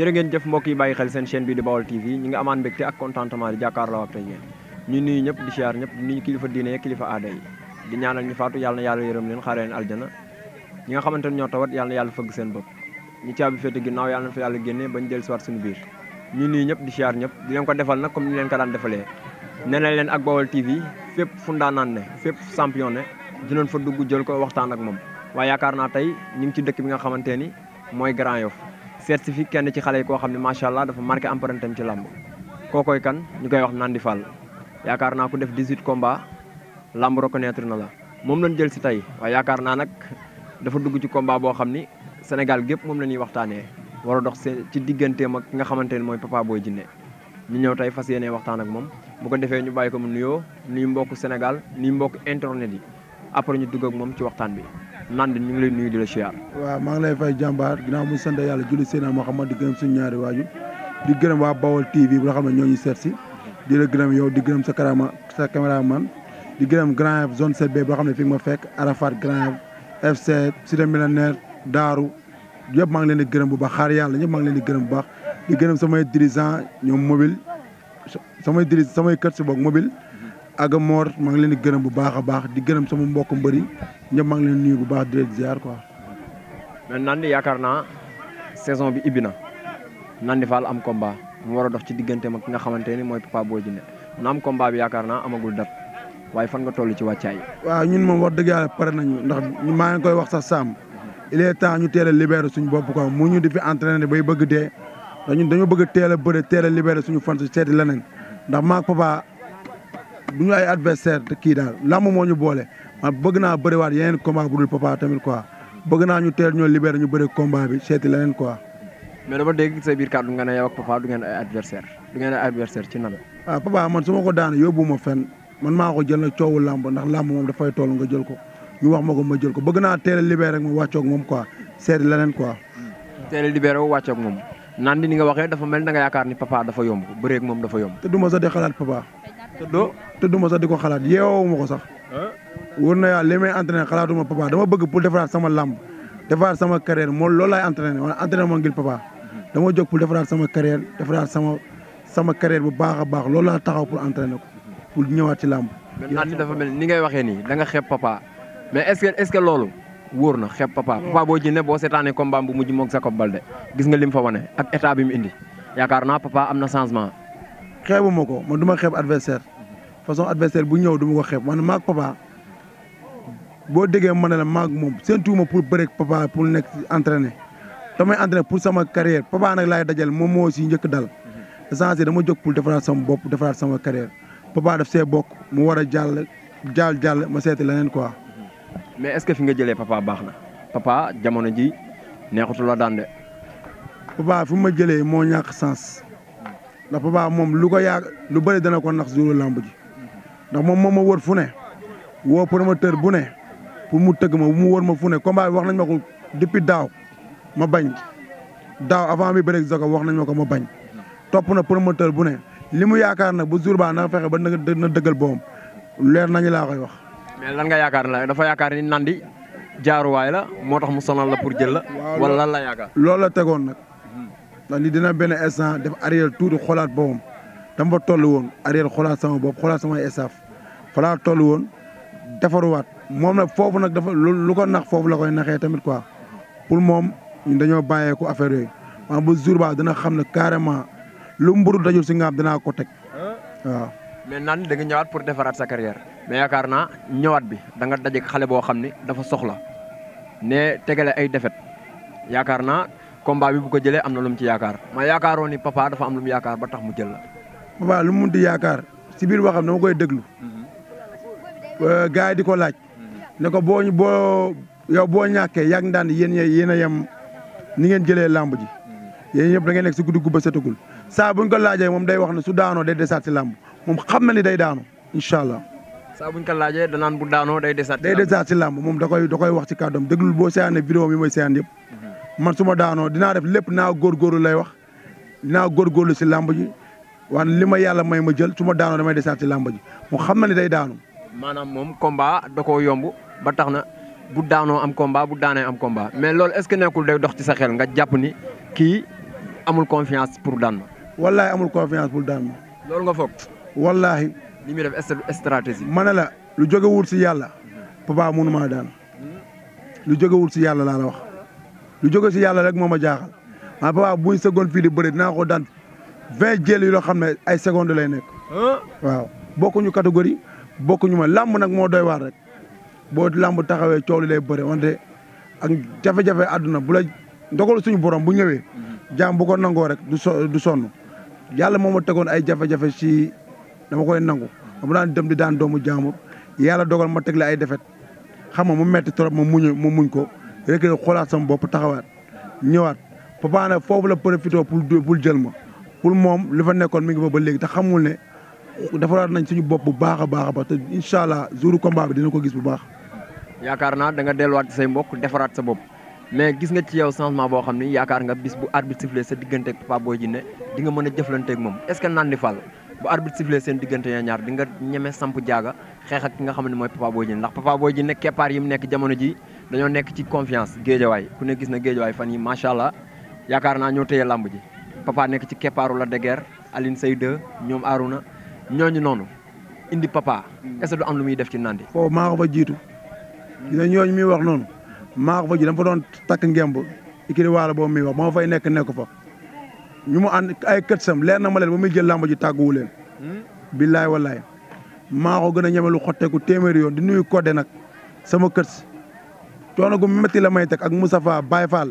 jërë ngeen jëf mbokk yi bàyyi xel seen chaîne bi di Baol TV ñi ngi amaan mbégte ak contentement di jàkkaarloo ak tey yéen ñu nuyu ñëpp di siyaar ñëpp di nuyu kilifa diine ak kilifa aada yi di ñaanal ñu faatu yàlla na nga xamante ne ñoo tawat yàlla na yàlla fëgg seen bopp ñi na fa yàlla génne bañ del siwaat suñu biir ñu nuyu ñëpp di siyaar ñëpp di leen ko defal nag comme ni leen ko daan defalee nee na leen ak Baol TV fépp fu ne fépp fu champion ne dinañ fa dugg jël ko waxtaan ak moom waaye yaakaar naa tey ñu ngi ci dëkk bi nga xamante ni mooy Grand Yoff seet fi kenn ci xale yi koo xam ne macha allah dafa marqué empreinte am ci làmb kookoy kan ñu koy wax Nandi Fall yaakaar naa ku def 18 combats làmb reconnaître na la moom la lañ jël si tey waaye yaakaar naa nag dafa dugg ci combat boo xam ni Sénégal gépp moom la ñuy waxtaanee war a dox ci digganteem ak ki nga xamante ne mooy Papa booy Djiné ñu ñëw tey fas yéenee waxtaan ak moom bu ko defee ñu bàyyi ko mu nuyoo nuyu mbokku Sénégal nuyu mbokk internet yi après ñu dugg ak moom ci waxtaan bi. naan ñu ngi lay nuyu di la siyaar maa ngi lay fay jàmbaar ginnaaw mu sant yàlla julli Seydina Muhammad di gërëm suñu ñaari waajur di gërëm waa Bawol TV bu nga xam ne ñoo ñu seet si di la gërëm yow di gërëm sa karama sa caméraman di gërëm Grand Yoff zone 7B boo xam ne fi nga ma fekk Arafat Grand Yoff FC Cité Millionnaire Daaru yëpp maa ngi leen gërëm bu baax xaar yàlla ñëpp maa ngi leen di gërëm bu baax di gërëm samay dirigeant ñoom mobile samay diri samay kër si boog mobile Agamor maa ngi leen di gërëm bu baax a baax di gërëm sama mbokk mbëri ñëpp maa leen nuyu bu baax di leen ziar quoi. mais Nandi yaakaar naa saison bi ibbi na Nandi Fall am combat mu war a dox ci digganteem ak ki nga xamante ne mooy Papa Boy Djiné mu am combat bi yaakaar naa amagul date waaye fan nga toll ci wàccaay. waaw ñun moom wax dëgg yàlla pare nañu ndax maa ngi koy wax sax Samb il est ñu teel a libéré suñu bopp quoi mu ñu di fi entraîné bay bëgg dee. dañu dañoo bëgg teel a bëre teel suñu fan si seeti leneen du ñu ay adversaire kii daal làmb moo ñu boole man bëgg naa bëriwaat yeneen combat bu dul papa tamit quoi bëgg naa ñu teel ñoo libéré ñu bëri combat bi seeti leneen quoi. mais dama dégg sa biir kàddu nga ne yow ak du ngeen ay adversaire du ngeen ay adversaire ci nan. ah papa man su ko daanee yóbbu ma fenn man maa ko jël nag coowu làmb ndax làmb moom dafay toll nga jël ko ñu wax ma ko ma jël ko bëgg naa teel a libéré rek ma wàccoog moom quoi seeti leneen quoi. teel a libéré wu wàccoog moom naan ni nga waxee dafa mel na nga yaakaar ni papa dafa yomb bëreeg moom dafa yomb. te ma sax di xalaat doo te tëdduma sax di ko xalaat yeewuma ko sax wóor na yàlla li may entraîné xalaatuma papa dama bëgg pour defaraat sama làmb defaraat sama carrière moo loolu laay entraîné wala entraîné moo ngir papa dama jóg pour defaraat sama carrière defaraat sama sama carrière bu baax a baax loolu laa taxaw pour entraîné ko pour ñëwaat ci làmb maintenant ni dafa ni ngay waxee nii da nga xeeb papa mais est-ce que loolu wóor na xeeb papa papa boo jinne boo seetaanee combat bu mujj moog Jacob Baldé gis nga lim fa wane ak état bi mu indi yaakaar naa papa am na changement xeebuma ko man du ma xeeb adversaire façon adversaire bu ñëw du ma ko xeeb man maag papa boo déggee ma ne la maag moom seen tuuma pour bëreeg papa pour nekk entraîner damay entraîner pour sama carrière papa nag laay dajal moom moo si njëkk dal essentiel dama jóg pour defaraat sama bopp defaraat sama carrière papa daf see bok mu war a jàll jàll jàll ma seeti leneen quoi. mais est-ce que fi nga jëlee papa baax na papa jamono ji neexutu la daan de. papa fu ma jëlee moo ñàkk sens. ndax papa moom lu ko yaag lu bëri dana ko nax juru lamb ji ndax moom moom ma wër fu ne woo promoteur bu ne pour mu tëgg ma mu wër ma fu ne combat bi wax nañ ma ko depuis daaw ma bañ daaw avant bi bëri Jacob wax nañ ma ko ma bañ topp na promoteur bu ne li mu yaakaar nag bu jour ba na fexe ba na dëggal boom leer nañu laa koy wax. mais lan nga yaakaar la dafa yaakaar ni Nandi jaaruwaay la moo tax mu sonal la pour jël la. wala lan la yaakaar. loolu la tegoon nag. ndax nit dina benn instant def arrière tuuti xoolaat boppam dama fa toll woon arrière xoolaat sama bopp xoolaat samay staff falaa toll woon defaruwaat moom nag foofu nag dafa lu ko nax foofu la koy naxee tamit quoi pour moom ñun dañoo bàyyeeku affaire yi maanaam bu jour ba dina xam ne carrément lu mburu dajul si ngaam dinaa ko teg waaw. mais naan da nga ñëwaat pour defaraat sa carrière yaakaar naa ñëwaat bi danga nga xale boo xam ni dafa soxla ne tegale ay defet combat bi bu ko jëlee am na lu ci yaakaar maa yaakaaroon ni papa dafa am lu mu yaakaar ba tax mu jël la. papa lu mu munti yaakaar si biir waxam dama koy déglu. Mm-hmm. Euh, gars yi di ko laaj. Mm-hmm. ne ko boo ñu boo yow boo ñàkkee yàgg ndaan yéen yéen a yem ni ngeen jëlee làmb ji. Mm-hmm. yéen ñëpp da ngeen nekk si guddi gubba setagul saa buñ ko laajee moom day wax na su daanoo day desaat si làmb moom xam na ni day daanu incha allah. saa ñu ko laajee danaan bu daanoo day desaat. day desaat si làmb moom da koy da koy wax ci kàddoom déglul boo seeyaanee vidéo mi mooy seeyaan yëpp. man suma daanoo dinaa def lépp naa góorgóorlu lay wax dinaa góorlu si làmb ji waan li ma yàlla may ma jël suma daanoo daanoo damay desaat si làmb ji mu xam na ne day daanu. maanaam moom combat da koo yomb ba tax na bu daanoo am combat bu daanee am combat mais loolu est-ce que nekkul day dox ci sa xel nga jàpp ni kii amul confiance pour daan ma. wallaahi amul confiance pour daan ma. loolu nga foog. wallaahi. li muy def stratégie. ma ne la lu jóge si yàlla. papa mënu maa daan lu si yàlla laa la wax. lu jóge si yàlla rek moo ma jaaxal ma papa buñ seconde fii di bëri dinaa ko daan vingt jël yi loo xam ne ay seconde lay nekk waaw bokkuñu catégorie bokkuñu ma làmb nag moo doy waar rek boo làmb taxawee coow li lay bëri wante ak jafe-jafe àdduna bu la ndogal suñu borom bu ñëwee jaam bu nangoo rek du so du sonn yàlla moo ma tegoon ay jafe-jafe si dama koy nangu dama daan dem di daan doomu jaamur yàlla dogal ma teg la ay defet xam nga mu metti trop ma muñ ma muñ ko rek la xoolaat sama bopp taxawaat ñëwaat Papa nag foofu la profité pour pour jël ma pour moom lu fa nekkoon mi ngi fa ba léegi te xamul ne defaraat nañ suñu bopp bu baax a baax a te incha allah jouru combat bi dina ko gis bu baax. yaakaar naa da nga delluwaat ci say mbokk defaraat sa bopp mais gis nga ci yow changement boo xam ni yaakaar nga bis bu arbitre sifflé sa diggante ak boo Boy Djiné di nga mën a jëflanteeg moom est-ce que Nandi Fall bu arbitre sifflé seen diggante ya ñaar di nga ñeme samp jaaga xeex ak ki nga xam ne mooy Papa ndax Papa Boy Djiné keppaar yi mu nekk jamono ji dañoo nekk ci confiance géejawaay ku ne gis na géejawaay fan yi macha allah yaakaar naa ñoo téye làmb ji papa nekk ci keppaaru la deger alin Seyde ñoom Aruna ñooñu noonu indi papa mm. est du am lu muy def ci nandi foofu maa ko fa jiitu dina ñooñu muy wax noonu maa ko fa jiitu dama fa doon takk ngemb ikiri waala boobu muy wax ba ma fay nekk nekk fa ñu mu ànd ay kët leer na ma leen ba muy jël làmb ji tàgguwu leen mm. billaay wallaay maa gën a ñeme lu xotteeku téeméeri yoon di nuyu kodde nag sama kët coono gu métti la may teg ak Moustapha Baye Fall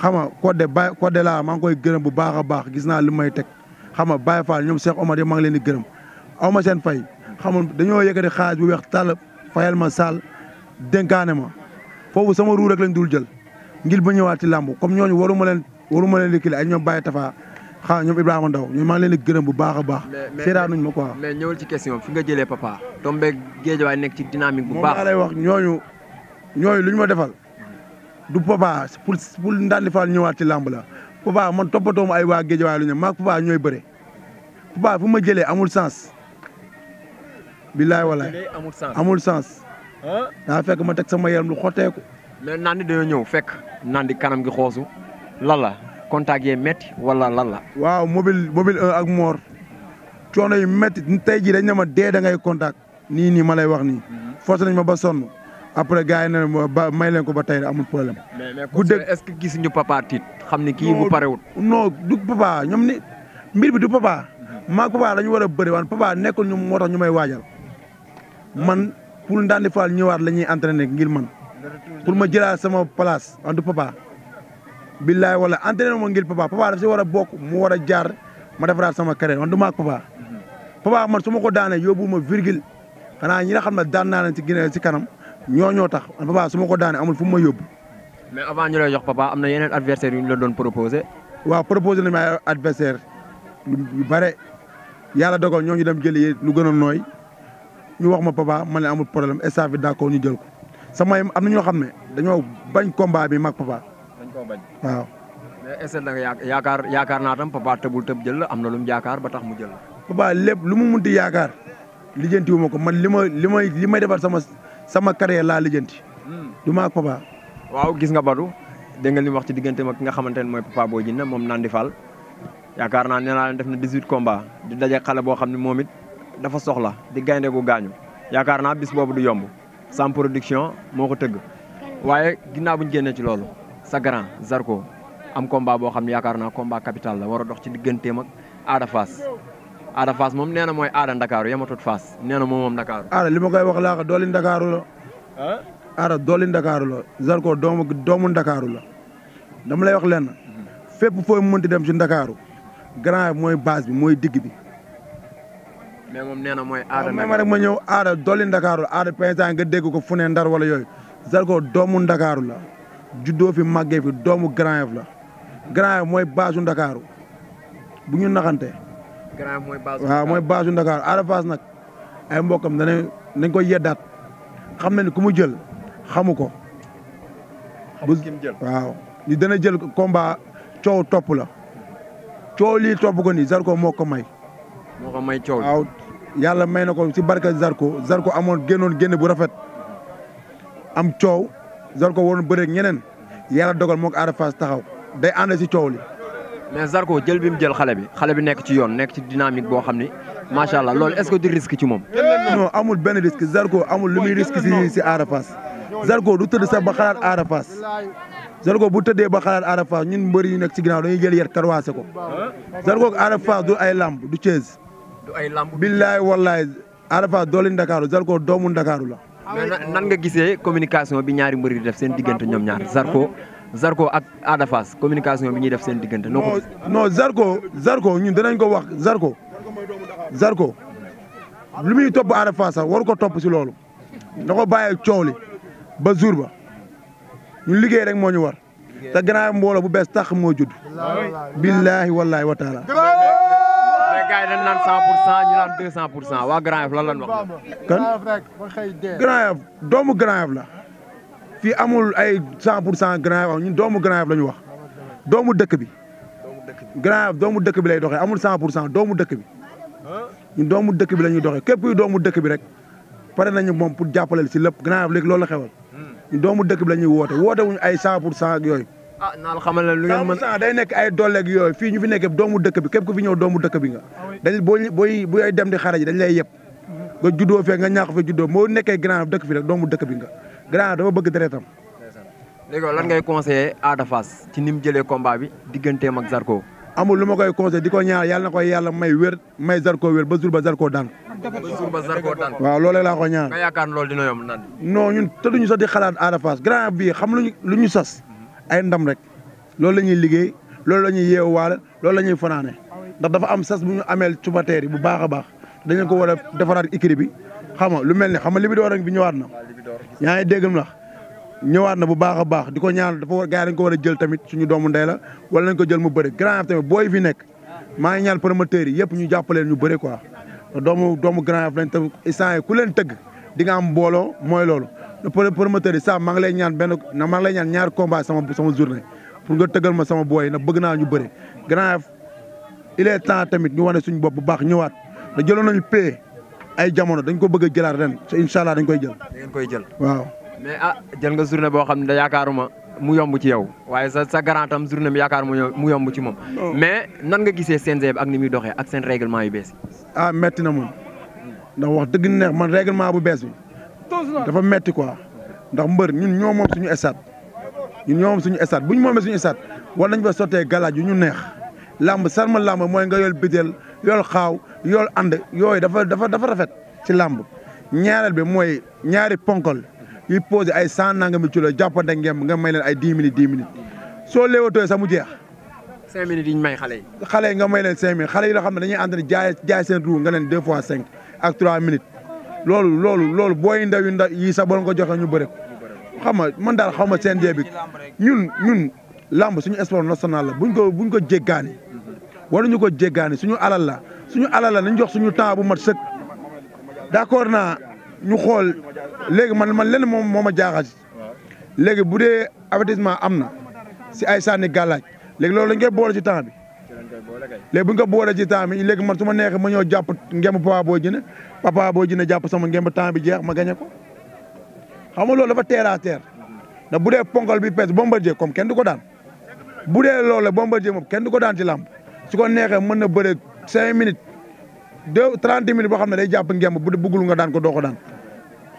xam nga Codé Baye Codé laa maa ngi koy gërëm bu baax a baax gis naa li may teg xam nga Baye Fall ñoom seex Omar yi maa ngi leen di gërëm aw ma seen fay xam nga dañoo yëkkati xaalis bu weex tàll fayal ma saal dénkaane ma foofu sama ruu rek lañ dul jël ngir ba ñëwaat ci làmb comme ñooñu waruma leen leen liggéey ay ñoom Baye Tafa xaa ñoom Ibrahima Ndaw ñoom maa ngi leen di gërëm bu baax a baax. seeraanuñ ma quoi. mais ñëwal ci question fi nga jëlee papa. tombé géejawaay nekk ci dynamique bu baax moom lay wax ñooñu ñooyu lu ñu ma defal du Papa pour pour Ndandi Fall ñëwaat ci làmb la Papa man toppatoo ma ay waa géej waaye lu ñu maag Papa ñooy bëre Papa fu ma jëlee amul sens. billaay walaay amul sens daa fekk ma teg sama yaram lu xotteeku. mais nandi dañoo ñëw fekk nandi kanam gi xoosu lan la contact yee métti wala lan la. waaw mobile mobile 1 ak Mor coono yu métti tey jii dañ ne ma dee da ngay contact nii nii ma lay wax nii. Mm-hmm. forcé nañ ma ba sonn. après gars na ne ba may leen ko ba tey amul problème. bu dégg est que gis ñu papa xam ni kii bu parewut non du papa ñoom ni mbir bi du papa. maa papa ñu war a bëri waan papa nekkul ñu moo tax ñu may waajal man pour Ndandi Fall ñëwaat la ñuy entraîner ngir man pour ma jëlaat sama place en du papa. billaay wala entraîner ma ngir papa papa daf si war a bokk mu war a jaar ma defaraat sama carrière man du maag papa. papa man su ma ko daanee yóbbu ma virgule xanaa ñi nga xam ne daan naa leen si ginnaaw si kanam. ñoo ñoo tax papa su ma ko daanee amul fu mu ma yóbbu. mais avant ñu lay jox papa am na yeneen adversaire yu ñu la doon proposé. waaw proposé nañu ay adversaire yu bare yàlla dogoo ñoo ñu dem jëli lu gën a nooy ñu wax ma papa man leen amul problème staff bi d'accord ñu jël ko sama am na ñoo xam ne dañoo bañ combat bi mag papa. dañ koo bañ waaw. mais est-ce que yaakaar yaakaar naa tam papa tëbul tëb jël la am na lu mu yaakaar ba tax mu jël la. papa lépp lu mu mun munti yaakaar lijjantiwuma ko man li ma li may li may defar sama sama carrière laa lijjanti. Hmm. du ma papa. waaw gis nga Badou dégg nga li wax ci diggante mag ki nga xamante ne mooy papa Boy Djiné moom Nandi Fall yaakaar naa nee naa leen def na 18 combats di daje xale boo xam ne moom it dafa soxla di gaynde gu gaañu yaakaar naa bis boobu du yomb san production moo ko tëgg waaye ginnaaw bu ñu ci loolu sa grand Zarko am combat boo xam ne yaakaar naa combat capital la war a dox ci digganteem ak Ada Ada Fass moom nee na mooy Ada Ndakaaru yamatut Fass nee na moom moom Ndakaaru. Ada li ma koy wax laa ko dooli Ndakaaru la. ah. Ada Ndakaaru la doomu Ndakaaru la dama lay wax lenn fépp fooy mënti dem ci Ndakaaru grand mooy base bi mooy digg bi. mais moom nee na mooy aada ma ñëw aada dolli ndakaaru aada paysan nga dégg ko fu ne ndar wala yooyu Zarko doomu ndakaaru la juddoo fi màggee fi doomu Grand Yoff la Grand Yoff mooy baasu ndakaaru bu ñu naxante Grand mooy base. waaw mooy base yu Dakar nag ay mbokkam danañ nañ koy yeddaat xam na ni ku mu jël xamu ko. xamu ki waaw. ni dana jël komba coow topp la coow li topp ko nii Zarko moo ko may. moo may coow waaw yàlla may na ko si barka Zarko Zarko amoon génnoon génne bu rafet am coow Zarko waroon bëreeg ñeneen yàlla dogal moo ko Ada taxaw day ànd si coow li. mais Zarko jël bi mu jël xale bi xale bi nekk ci yoon nekk ci dynamique boo xam ni macha allah lool est-ce que du risque ci moom. non amul benn risque Zarko amul lu muy risque si si Ada Fass Zarko du tëdd sax ba xalaat Ada Fass Zarko bu tëddee ba xalaat Ada ñun mbëri yu nekk ci ginnaaw dañuy jël yar karwaase ko Zarko ak Ada du ay lamb du Thiès. du ay lamb billaay wallaay Ada Fass doole Ndakaaru Zarko doomu Ndakaaru la. nan nga gisee communication bi ñaari mbëri di def seen diggante ñoom ñaari Zarko. Zarko ak Ada Fass communication bi ñuy def seen diggante. noo ko non Zarko ñun danañ ko wax Zarko. Zarko lu muy topp Ada war ko topp si loolu. na ko bàyyee coow li ba jour ba ñu liggéey rek moo ñu war. te gannaaw mbooloo bu bees tax moo judd. billaahi wallaahi wa taala. mais gars yi dañ naan 100 pour cent pour cent waa Grand doomu Grand la. fii amul ay 100 pour cent Grand Yoff ñun la ñu wax doomu dëkk bi. Grand Yoff doomu dëkk bi lay doxee amul 100 pour doomu dëkk bi ñun dëkk bi la ñuy doxee képp doomu dëkk bi rek pare nañu moom pour jàppaleel si lépp Grand Yoff léegi loolu la xewal dëkk bi la ñuy woote woote wuñu ay 100 pour cent ak yooyu. ah naa la xamal lu day nekk ay dolleeg yooyu fii ñu fi nekk doomu dëkk bi képp ku fi ñëw doomu dëkk bi nga. Ah dañuy booy booy booy dem di xaraji dañ lay yëpp nga juddoo fee nga ñaax fee juddoo moo nekkee Grand Yoff dëkk fi rek doomu dëkk bi nga. grand dafa bëgg deretam. léegi lan ngay conseillé Ada Fass ci ni mu jëlee combat bi digganteem ak Zarko. amul lu ma koy conseillé di ko ñaar yàlla na ko yàlla may wér may Zarko wér ba jour ba Zarko daan. ba jour ba Zarko daan. waaw loolee laa ko ñaan. nga yaakaar loolu dina yomb nan. non ñun tëdduñu sax di xalaat xam luñu lu ñu sas ay ndam rek loolu la ñuy liggéey loolu la ñuy yeewaale loolu la ñuy fanaane ndax dafa am sas bu ñu ameel cubateer yi bu baax a baax dañu ko war a defaraat écrit bi xam nga lu mel ni xam nga li bi doon rek bi ñëwaat na yaa ngi dégg na ñëwaat na bu baax a baax di ko ñaanal dafa war gars yi dañ ko war a jël tamit suñu doomu nday la wala nañ ko jël mu bëri Grand booy fi nekk maa ngi ñaan promoteurs yi yëpp ñu jàppaleen ñu bëri quoi doomu doomu Grand Yoff lañ tam ku leen tëgg di nga am mbooloo mooy loolu promoteur yi sa maa lay ñaan benn na maa ñaan ñaari combat sama sama journée pour nga tëggal ma sama booy na bëgg naa ñu bëri Grand Yoff il temps tamit ñu wane suñu bopp bu baax ñëwaat da jëloon nañu paie ay jamono dañ ko bëgg a jëlaat ren te allah dañ koy jël. da koy jël waaw. mais ah jël nga journée boo xam ne da yaakaaruma mu yomb ci yow waaye sa sa garant am journée bi yaakaar mu yombu ci moom. mais nan nga gisee CNG bi ak ni muy doxee ak seen règlement yu bees yi. ah metti na moom ndax wax dëgg neex man règlement bu bees bi dafa metti quoi ndax mbër ñun ñoo moom suñu stade ñun ñoo suñu stade bu ñu moom suñu stade war nañ fa sottee galaaj yu ñu neex làmb sarma làmb mooy nga yol bideel yol xaaw. yoolu ànd yooyu dafa dafa dafa rafet ci làmb ñaareel bi mooy ñaari ponkal yu posé ay cent nangami kilo jàppante ngemb nga may leen ay dix minutes dix minutes soo léewatoo sax mu jeex. cinq yi ñu may xale yi. xale yi nga may leen cinq minutes xale yi nga xam ne dañuy ànd jaay jaay seen ruu nga leen deux fois cinq ak trois minutes loolu loolu loolu booy ndaw yu ndaw yi sax boole ko joxe ñu bëri xam nga man daal xaw ma CNG bi ñun ñun làmb suñu sport national la buñ ko buñ ko jéggaani waruñu ko jéggaani suñu alal la. suñu alal la nañ jox suñu temps bu mat sëkk d'accord naa ñu xool léegi man man lenn moom moom ma jaaxal léegi bu dee avertissement am na si ay sànni gàllaaj léegi loolu lañ koy boole ci temps bi léegi bu ñu ko boolee ci temps bi léegi man su ma neexee ma ñëw jàpp ngemb papa boo jëne papa boo jëne jàpp sama ngemb temps bi jeex ma gañe ko xam nga loolu dafa terre à terre ndax bu dee ponkal bi pees bombardier kom kenn du ko daan bu dee loolu la bombardier moom kenn du ko daan ci làmb su ko neexee mën na bëre cinq minutes deux trente minutes boo xam ne day jàpp ngemb bu bëggul nga daan ko doo ko daan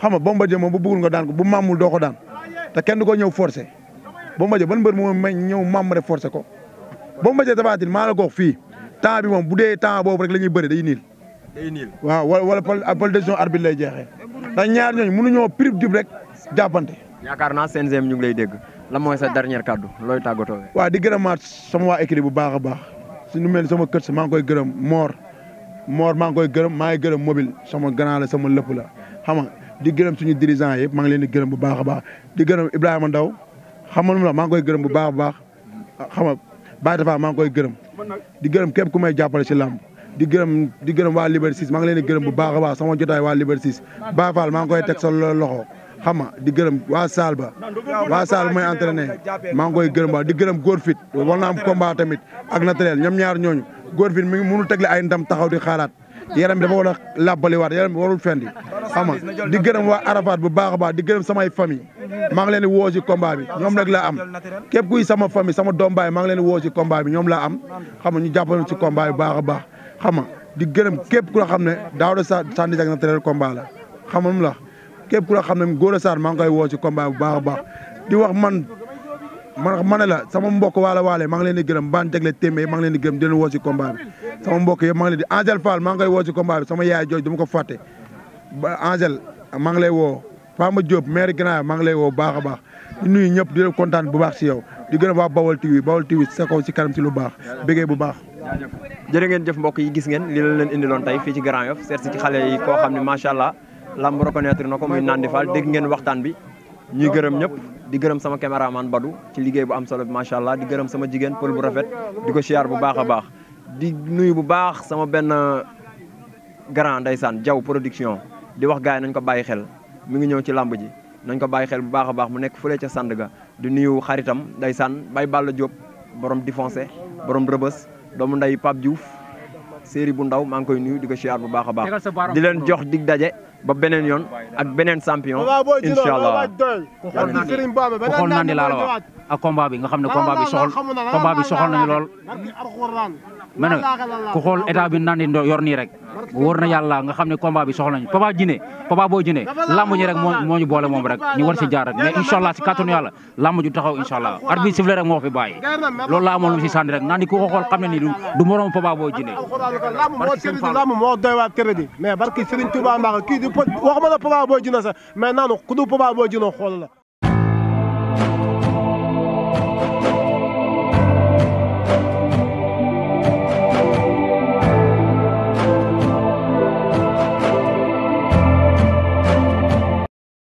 xam nga Bombardier moom bu bëggul nga daan ko bu mamul doo ko daan te kenn du ko ñëw forcé Bombardier ban mbër moo ma ñëw maam rek forcé ko Bombardier Tapha Tine maa la ko wax fii temps bi moom bu dee temps boobu rek la ñuy bëri day niil. day waaw wala wala pole ah, décision arbitre lay jeexee ndax ñaar ñooñu mënuñoo prib dib rek jàppante. ñaakaar naa CNG ñu ngi lay dégg lan mooy sa dernier kàddu looy tàggatoo. waaw di gërëmaat sama waa équipe bu baax baax. si nu mel ni sama kër si maa ngi koy gërëm moor moor maa ngi koy gërëm maa gërëm mobile sama ganaar sama lëpp la xam nga di gërëm suñu dirigeant yëpp maa ngi leen di gërëm bu baax a baax di gërëm Ibrahima Ndaw xam nga la maa ngi koy gërëm bu baax a baax xam nga Baye Tafa maa ngi koy gërëm di gërëm képp ku may jàppale si làmb di gërëm di gërëm waa Liberté 6 maa ngi leen di gërëm bu baax a baax sama jotaay waa Liberté 6 Baye Fall maa ngi koy teg sa loxo xam nga di gërëm waa Saal ba waa Saal ba may entraîné maa ngi koy gërëm waa di gërëm góor fit war na am combat tamit ak naturel ñoom ñaar ñooñu góor fit mi ngi mënul tegle ay ndam taxaw di xaaraat yaram bi dafa war a làbbaliwaat yaram bi warul fendi xam nga di gërëm waa Arafat bu baax a baax di gërëm samay famille maa ngi leen di woo si combat bi ñoom nag laa am képp kuy sama famille sama doom baay maa ngi leen woo si combat bi ñoom laa am xam nga ñu jàppale si combat bi baax a baax xam nga di gërëm képp ku la xam ne daaw de sànni ak naturel combat la xam nga la képp ku la xam ne Gora Sarr maa ngi koy woo ci combat bu baax a baax di wax man man ma ne la sama mbokk waala waale maa ngi leen di gërëm baan tegle téeméer maa ngi leen di gërëm di leen woo ci combat bi sama mbokk yëpp maa ngi leen di Angel Fall maa ngi ko fàtte ba Angel maa ngi lay woo Fama Diop maire Grand maa ngi lay woo baax a baax di nuyu ñëpp di leen kontaan bu baax si yow di gërëm waa Bawol TV Bawol TV sa kaw si kanam si lu baax bëggee bu baax jërë ngeen jëf mbokk yi gis ngeen li la leen indiloon tey fii ci Grand Yoff xale yi koo xam ne macha allah lamb reconnaître na ko muy Nandi dégg ngeen waxtaan bi ñuy gërëm ñëpp di gërëm sama caméraman Badou ci liggéey bu am solo bi macha allah di gërëm sama jigéen pël bu rafet di ko siyaar bu baax a baax di nuyu bu baax sama benn grand ndeysaan jaw production di wax gars yi nañ ko bàyyi xel mi ngi ñëw ci lamb ji nañ ko bàyyi xel bu baax a baax mu nekk fële ca Sandaga di nuyu xaritam ndeysaan Baye Balla Diop borom Difoncé borom Rëbës doomu nday Pape Diouf séeri bu ndaw maa ngi koy nuyu di ko siyaar bu baax a baax ba beneen yoon ak beneen sampion incha allah. waxoon naa di laa la wax ak bi nga xam ne combat bi soxal combat bi soxal nañu lool. mais nag ku xool état bi naan yor nii rek wóor na yàlla nga xam ne combat bi soxla nañu Papa Djiné Papa Boy Djiné ñi rek moo boole moom rek ñu war si jaar rek mais incha si kàttanu yàlla lamb ju taxaw incha allah bi sifflé moo fi bàyyi loolu la si sànni rek naan ku ko xam ne ni du morom Papa Boy Djiné moo doy waa crédit mais barki Serigne Touba Mbacke kii di waxuma la Papa Boy Djiné naanu ku du Papa Boy